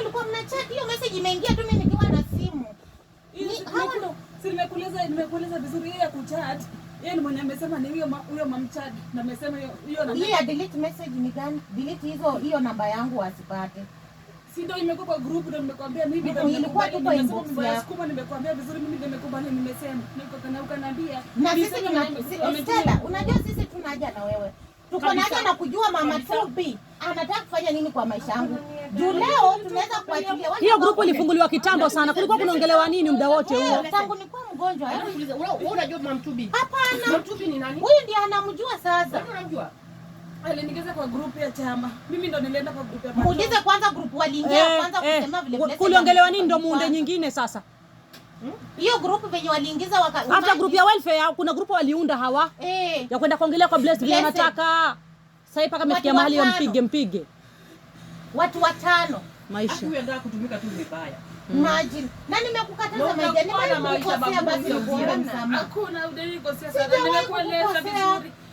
mlikuwa mnachat, hiyo message imeingia tu mimi nikiwa na simu. Nimekueleza vizuri ya kuchat yeye ni mwenye amesema ni huyo huyo mamchad na amesema hiyo na hii delete message ni gani? Delete hizo hiyo namba yangu asipate. Si ndio imekuwa kwa group ndio nimekuambia mimi ndio ilikuwa tu kwa inbox yako. Nimekuambia vizuri mimi ndio nimekubali nimesema. Niko kana ukaniambia. Na sisi tuna sisi tunaja na wewe. Tuko naja na kujua mama Trupi anataka kufanya nini kwa maisha yangu, juu leo tunaweza kuachilia. Hiyo grupu ilifunguliwa kitambo sana, kulikuwa kunaongelewa nini muda wote huo? Tangu nilikuwa mgonjwa. Eh? Wewe unajua mama Mtubi? Hapana. Mtubi ni nani? Huyu ndiye anamjua sasa. Unamjua? Aliniingiza kwa grupu ya chama. Mimi ndo nilienda kwa grupu ya chama. Muulize kwanza grupu waliingia eh, kwanza eh. kusema vile vile. Kuliongelewa nini ndo muunde nyingine sasa? Hmm? Hiyo hmm? Grupu venye waliingiza waka Hata grupu ya welfare kuna grupu waliunda hawa. Eh. Ya kwenda kuongelea kwa blessed vile anataka sasa hivi paka amefikia mahali ya mpige mpige watu watano maisha kutumika tu vibaya hmm. Imagine. Na nimekukataza maisha, Hakuna udeni kosea sana. Nimekueleza vizuri.